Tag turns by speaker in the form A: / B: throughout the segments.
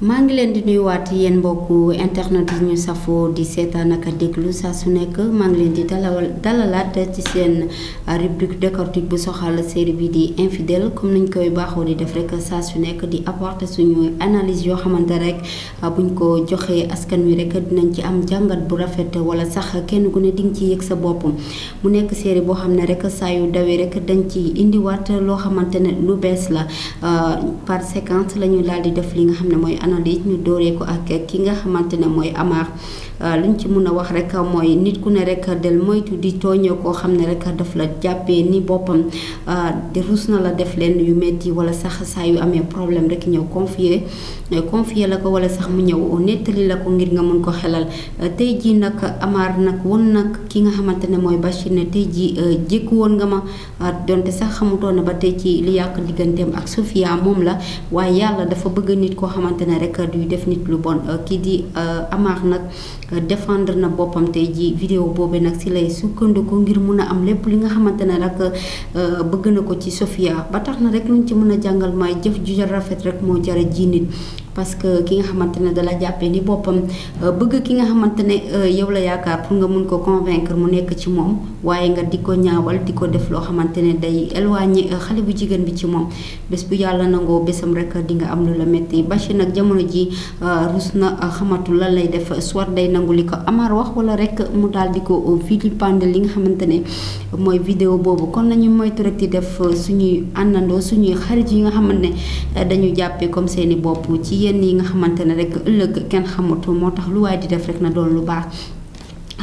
A: maa ngi leen di nuyuwaat yéen internet di ñu safo di seetaan ak déglu sa su nek maa di dalal dalalat ci seen rubrique décortique bu soxal série bi di infidèle comme nañ koy baxo di def rek sa su nek di apporter suñu analyse yo xamanté rek buñ ko joxé askan wi rek dinañ ci am jangat bu rafet wala sax kenn ku ne ding ci yek sa bop mu nek série bo xamné rek sa yu dawé rek dañ ci indi wat lo xamanté lu bess la uh, par séquence lañu dal di def li nga xamné moy analyse ñu dooree ko ak ki nga xamante ne mooy amaar Amar euh, liñ ci mun a wax rek mooy nit ku ne rek del moytu di tooñoo koo xam ne rek daf la jàppee nii boppam euh, di rus na la def lenn yu metti wala sax saa yu amee problème rek ñëw confier euh, confier la ko wala sax mu ñëw nettali la ko ngir nga mën koo xelal tey jii nag Amar nag woon nag ki nga xamante ne mooy Bachir ne tey jii jékku woon nga ma donte sax xamutoon ne ba tey ci li yàq digganteem ak Sofia moom la waaye rek duy def nit lu bon euh, kii di euh, Amar nag euh, defendre na boppam tey ji vidéo boobu nag si lay sukkandiku ngir mun a am lépp li nga xamante ne rek bëgg na ko ci Sofia ba tax na rek luñ ci mën a jàngal may jëf ju rafet rek moo jara jii nit parce que ki nga xamante ne dala jàppee ni boppam euh, bëgg ki nga xamante ne euh, yow la yaakaar pour nga mun ko convaincre mu nekk ci moom waaye nga di ko ñaawal di ko def loo xamante ne day éloigné euh, xale bu jigéen bi ci moom bés bu yàlla nangoo bésam rek di nga am lu la métti Bachir nag jamono ji rus na xamatul lan lay def soit day nangu li ko Amar wax wala rek mu daal di ko vilipender li nga xamante ne mooy vidéo boobu kon nañu mooy rek def suñuy àndandoo suñuy xarit yi nga xamante ne dañu jàppee yenn yi nga xamante ne rek ëllëg kenn xamatu moo tax lu waay di def rek na doon lu baax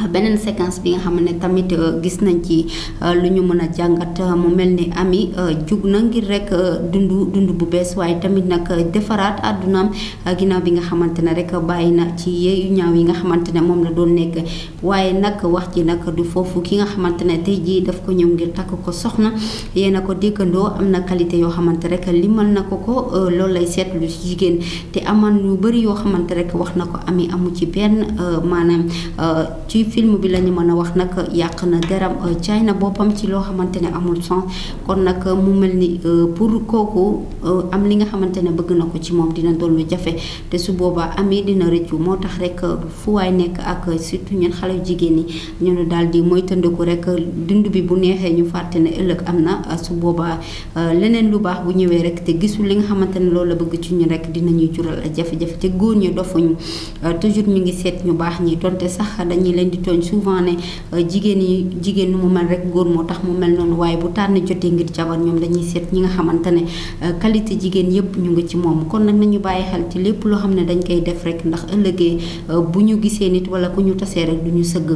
A: beneen séquence bi nga xam na tamit euh, gis nañ ci euh, lu ñu mën a jàngat euh, mu mel ni ami jug na ngir rek dund dund bu bees waaye tamit nag defaraat àddunaam ginnaaw bi nga xamante ne rek bàyyi na ci yeeyu ñaaw yi nga xamante ne moom la doon nekk waaye nag wax ji nag du foofu ki nga xamante ne tey ji daf ko ñëw ngir takk ko soxna yéen a ko déggandoo am na qualité yoo xamante rek limal na ko ko loolu lay seetlu ci jigéen te aman lu bëri yoo xamante rek wax na ko ami amu ci benn maanaam film bi lañu mëna wax nak yaq na deram eh, china bopam ci loo xamantene amul sens kon nak mu melni eh, pour koku eh, am li nga xamantene bëgg na ko ci mom dina doon lu jafé té su boba amé dina rëccu motax rek fu way nek ak surtout ñun xale jigéen ni ñu daldi di moytandiku rek dund bi bu nexé ñu faté né ëlëk amna su boba leneen lu baax bu ñëwé rek te gisul li nga xamantene loolu la bëgg ci ñu rek ñuy jural jafé jafé té goor ñu dofuñ toujours ñu ngi sét ñu baax ñi donte sax dañuy leen di di tooñ souvent ne euh, jigéen yi jigéen nu mu man rek góor moo tax mu mel noonu waaye bu tànn jotee ngir jabar ñoom dañuy seet ñi nga xamante ne euh, qualité jigéen yëpp ñu ngi ci moom kon nag nañu bàyyi xel ci lépp loo xam ne dañ koy def rek ndax ëllëgee euh, bu ñu gisee nit wala ku ñu tasee rek du ñu sëgg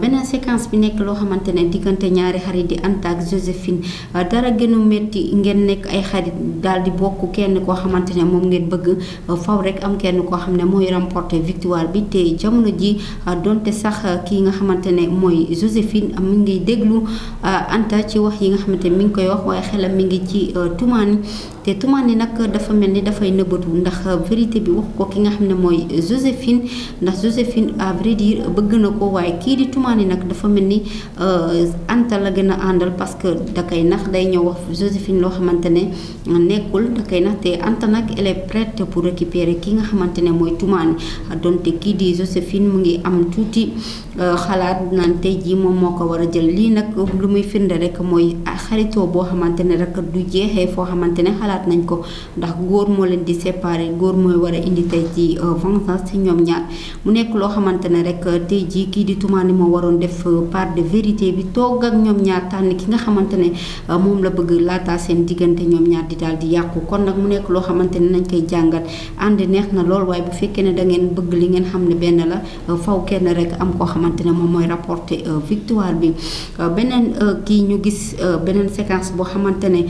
A: beneen séquence bi nekk loo xamante ne diggante ñaari xarit di Anta ak Joséphine dara gënu metti ngeen nekk ay xarit daal di bokk kenn koo xamante ne moom ngeen bëgg faw rek am kenn koo xam ne mooy remporter victoire bi te jamono ji kii nga xamante ne mooy Joséphine mi ngi déglu euh, Anta ci wax yi nga xamante ne mi ngi koy wax waaye xelam mi ngi ci euh, tumaani te tumaani nag dafa mel ni dafay nëbbatu ndax vérité bi wax ko ki nga xam ne mooy Joséphine ndax Joséphine à vrai dire bëgg na ko waaye kii di tumaani nag dafa mel ni euh, Anta la gën a àndal parce que da koy nax day ñëw wax Joséphine loo xamante ne nekkul da koy nax te Anta nag elle prête pour récupérer ki nga xamante ne mooy tumaani donte kii di Joséphine mu ngi am tuuti Eh, xalaat naan tey jii moom moo ko war a jël lii nag lu muy firnde rek mooy ah, xaritoo boo xamante ne rek du jeexee foo xamante ne xalaat nañ ko ndax góor moo leen di séparé góor mooy war a indi tey ci euh, vengeance ci ñoom ñaar mu nekk loo xamante ne rek euh, tey jii kii di tumaani moo waroon def euh, part de vérité bi toog ak ñoom ñaar tànn ki nga xamante ne moom la bëgg laataa seen diggante ñoom ñaar di daal di yàqu kon nag mu nekk loo xamante ne nañ koy jàngat ànd neex na lool waaye bu fekkee ne da ngeen bëgg li ngeen xam ne la faw kenn rek am ko koo xamante ne moom mooy rapporter euh, victoire bi euh, beneen euh, kii ñu gis beneen séquence boo xamante ne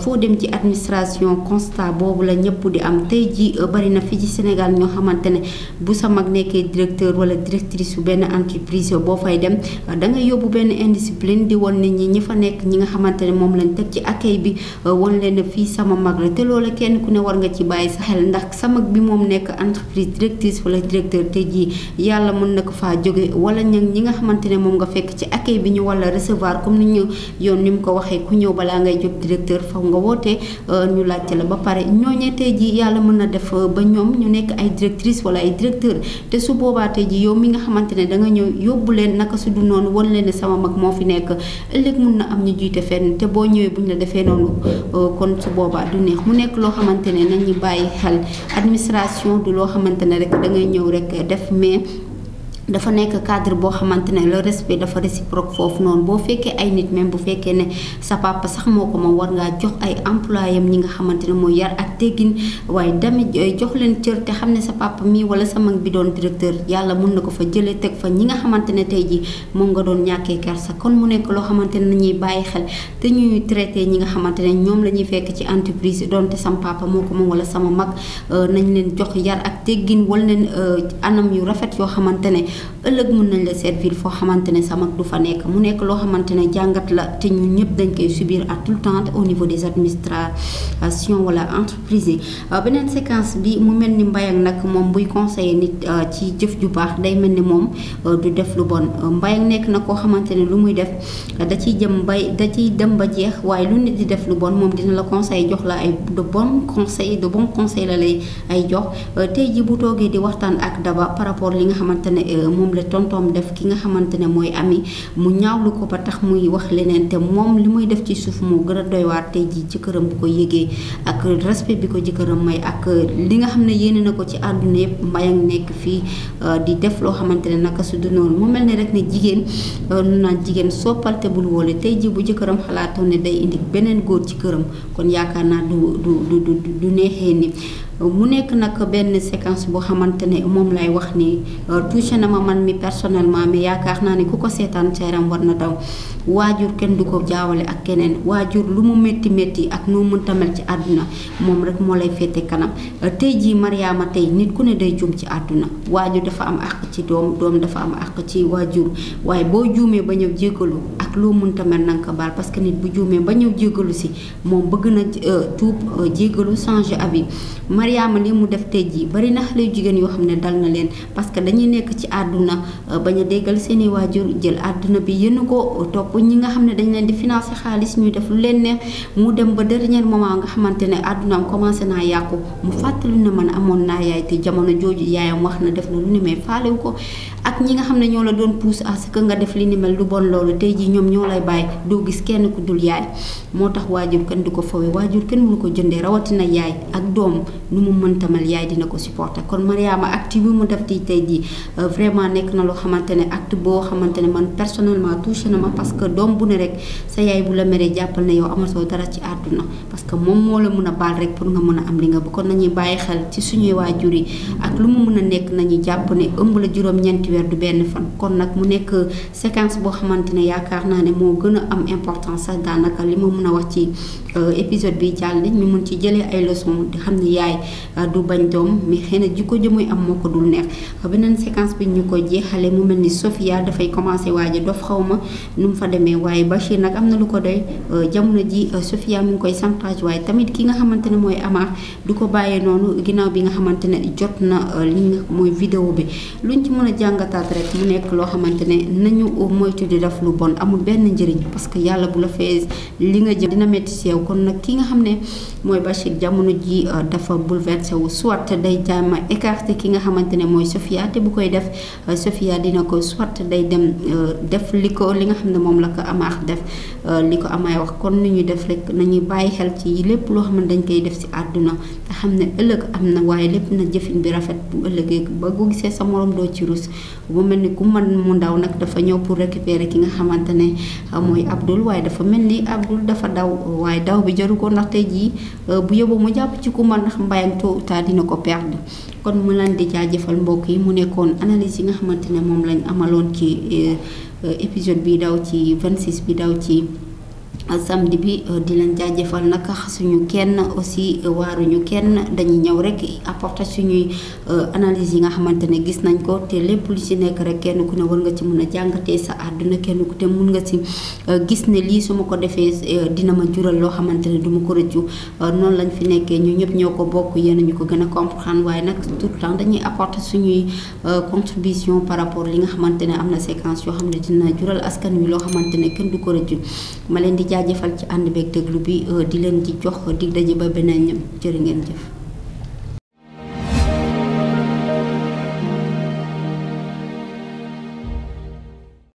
A: foo dem ci administration constat boobu la ñëpp di am tey jii bari na fii ci Sénégal ñoo xamante ne bu sa nekkee directeur wala directrice bu benn entreprise boo fay dem da nga yóbbu benn indiscipline di won nit ñi ñi fa nekk ñi nga xamante ne moom lañ teg ci accueil bi won leen fii sama mag la te loola kenn ku ne war nga ci bàyyi sa xel ndax sa mag bi moom nekk entreprise directrice wala directeur tey jii yàlla mën na ko faa jóge wala ña ñi nga xamante ne moom nga fekk ci accueil bi ñu wala recevoir comme ni ñu yoon ni mu ko waxee ku ñëw balaa ngay jot directeur faw nga wootee euh, ñu laajte la ba pare ñooñee tey ji yàlla mën na def euh, ba ñoom ñu nekk ay directrice wala ay directeur te su boobaatee ji yow mi nga xamante ne da nga ñëw yóbbu leen naka su du noonu wan leen ne sama mag moo fi nekk ëllëg mun na am ñu jiite fenn te boo ñëwee bu ñu la defee noonu euh, kon su boobaa du neex mu nekk loo xamante ne nañu bàyyi xel administration du loo xamante ne rek da ngay ñëw rek def mais dafa nek cadre bo xamantene le respect dafa réciproque fofu non bo fekkee ay nit même bu fekkee ne sa papa sax moko mo war nga jox ay employé ñi nga xamantene ne yar ak teggin way damit eh, jox leen cër te xam sa papa mi wala sa mag bi doon directeur yalla mën nako ko fa jëlé teg fa ñi nga xamantene tay ji mo nga doon kër sa kon mu nek lo xamantene ñi bayyi xel te ñuy traité ñi nga xamantene ñom lañuy la fekk ci entreprise donte sama papa moko mo wala sama mag eh, nañ leen jox yar ak teggin wala leen eh, anam yu rafet yo xamantene ëllëg mun nañ la servir foo xamante ne sa mag du fa nekk mu nekk loo xamante jàngat la te ñun ñëpp dañ koy subir à tout le temps au niveau des administrations wala entreprise euh, beneen séquence bi mu mel ni mbayang nag moom buy conseiller nit euh, ci jëf ju baax day mel ni moom euh, du def lu bon mbayang nekk na koo xamante ne lu muy def da ciy jëm bay da ciy dem ba jeex waaye lu nit di def lu bon moom dina la conseil jox la ay de bon conseil de bon conseil la lay ay jox tey ji moom la tontoom def ki nga xamante ne mooy ami mu ñaawlu ko ba tax muy wax leneen te moom li muy def ci suuf moo gën a doywaat waar tey jii jëkkëram bu ko yëgee ak bi ko jëkkëram may ak li nga xam ne yéene na ko ci àdduna yëpp mbayang nekk fii euh, di def loo xamante ne naka su du noonu mu mel ne rek ne jigéen nu euh, naan jigéen soppal te bul woole tey jii bu jëkkëram xalaatoon ne day indi beneen góor ci këram kon yaakaar naa du du du du neexee ni mu nekk nag benn séquence boo xamante ne moom lay wax ni euh, touché na ma man mi personnellement mais yaakaar naa ne ku ko seetaan sa war na daw waajur kenn du ko jaawale ak keneen waajur lu mu métti métti ak noo mënta mel ci àdduna moom rek moo lay fete kanam euh, tey jii maryaama tey nit ku ne day juum ci àdduna waajur dafa am àq ci doom doom dafa am àq ci waajur waaye boo jumee ba ñëw jéggalu lu munta mel pas nga ko parce que nit bu jume ba ñëw jéggelu ci mom bëgg na euh, tuub euh, jéggelu changer avis Mariama li mu def tay ji bari na xale yu yo xamne dal na len parce que dañuy nekk ci aduna euh, baña déggal seeni wajur jël aduna bi yeen ko top ñi nga xamne dañ leen di financer xaaliss ñu def lu leen neex mu dem ba dernier moment nga xamantene aduna am commencé na yàqu mu ne man amon na yaay te jamono jooju yaayam wax na def na lu ni ko ak ñi nga xamne ñoo la doon pousse à ce que nga def li ni mel lu bon tay ji ñu ñom ñoo lay bàyyi doo gis kenn ku dul yaay motax wajur kenn duko fowé wajur kenn mënu ko rawati na yaay ak dom nu mu mën tamal yaay dina ko supporter kon mariama acte bi mu def tay di euh, vraiment nek na lo xamantene acte bo xamantene man personnellement touché na ma parce que dom bu ne rek sa yaay bu la méré jappal na yow so dara ci aduna parce que mom mo la mëna bal rek pour nga mëna am li nga bu kon nañuy bàyyi xel ci suñu wajuri ak lu mu mëna nek nekk japp ne ëmb la juróom du ben fan kon nak mu nek séquence bo xamantene yaakaar naa ne moo gën a am importance sax daanaka li ma mën a wax ci euh, épisode bi jàll ñu mun ci jëlee ay leçons di xam ne yaay euh, du bañ doom mais xëy jikko ji muy ko dul neex beneen séquence bi ñu ko jeexale mu mel ni Sofia dafay commencé waaja dof xaw ma nu mu fa demee waaye Bachir nag am na lu ko doy euh, jamono ji Sofia mu ngi koy chantage waaye tamit ki nga xamante ne mooy Amar du ko bàyyee noonu ginnaaw bi nga xamante ne jot na li mooy vidéo bi luñ ci mën a jàngataat rek mu nekk loo xamante nañu benn njëriñ parce que yàlla bu la fee li nga jëm dina métti si kon nag ki nga xam ne mooy Bachir jamono ji euh, dafa bouleversé wu soit day jaama écarté ki nga xamante ne mooy Sofia te bu koy def euh, Sofia dina ko soit day dem euh, def li ko li nga xam ne moom la ko amaax def li ko amaay wax kon ni ñuy def rek nañuy bàyyi xel ci lépp loo xam ne dañ koy def si àdduna te xam ne ëllëg am na waaye lépp na jëfin bi rafet bu ëllëgee ba ko gisee sa morom doo ci rus bu mel ni ku man ndaw nag dafa ñëw pour ki nga xamante ne ne euh, mooy Abdoul waaye dafa mel ni Abdoul dafa daw waaye daw bi jaru ko ndax tey jii euh, bu yóbbu mu jàpp ci kumba ndax mbayam tôt dina ko perdre kon mu leen di jëfal mbokk yi mu nekkoon analyse yi nga xamante ne moom lañ amaloon ci euh, épisode bi daw ci 26 bi daw ci. samedi bi euh, di leen jaajëfal nag suñu kenn aussi euh, waaruñu kenn dañuy ñëw rek apporter suñuy euh, analyse yi nga xamante ne gis nañ ko te lépp lu ci nekk rek kenn ku ne war nga ci mën a jàngatee sa àdduna kenn ku te mun nga ci gis ne lii su ma ko defee dina ma jural loo xamante ne du ma ko rëccu noonu lañ fi nekkee ñu ñëpp ñoo ko bokk yéen ñu ko gën a comprendre waaye nag tout temps dañuy apporter suñuy contribution par rapport li nga xamante ne am na séquence yoo xam ne dina jural askan wi loo xamante ne kenn du ko rëccu ma leen di jaajëfal ci ànd beeg déglu bi euh, di leen di jox di daje ba beneen jërë ngeen jëf.